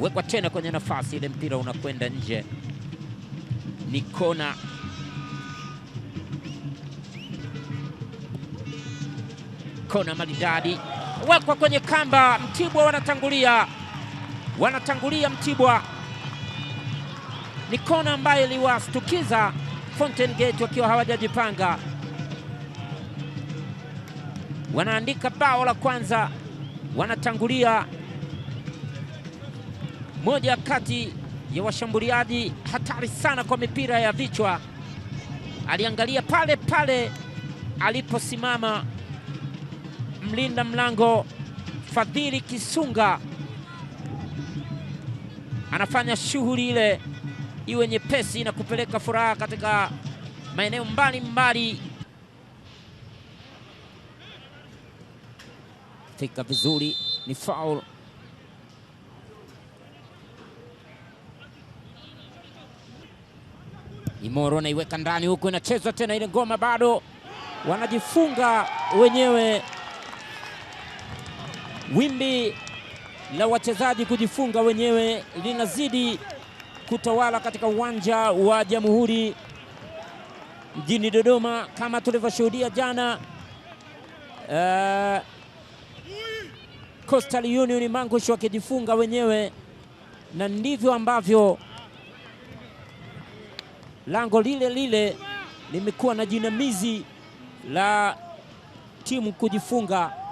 wekwa tena kwenye nafasi ile, mpira unakwenda nje, ni kona. Kona maridadi wekwa kwenye kamba. Mtibwa wanatangulia, wanatangulia Mtibwa. Ni kona ambayo iliwastukiza Fountain Gate wakiwa hawajajipanga. Wanaandika bao la kwanza, wanatangulia moja kati ya washambuliaji hatari sana kwa mipira ya vichwa. Aliangalia pale pale aliposimama mlinda mlango Fadhili Kisunga, anafanya shughuli ile iwe nyepesi na kupeleka furaha katika maeneo mbalimbali. Fika vizuri, ni faul. Imoro naiweka ndani huku, inachezwa tena ile ngoma, bado wanajifunga wenyewe. Wimbi la wachezaji kujifunga wenyewe linazidi kutawala katika uwanja wa Jamhuri mjini Dodoma kama tulivyoshuhudia jana. Uh, Coastal Union Mangush wakijifunga wenyewe na ndivyo ambavyo lango lile lile limekuwa na jinamizi la timu kujifunga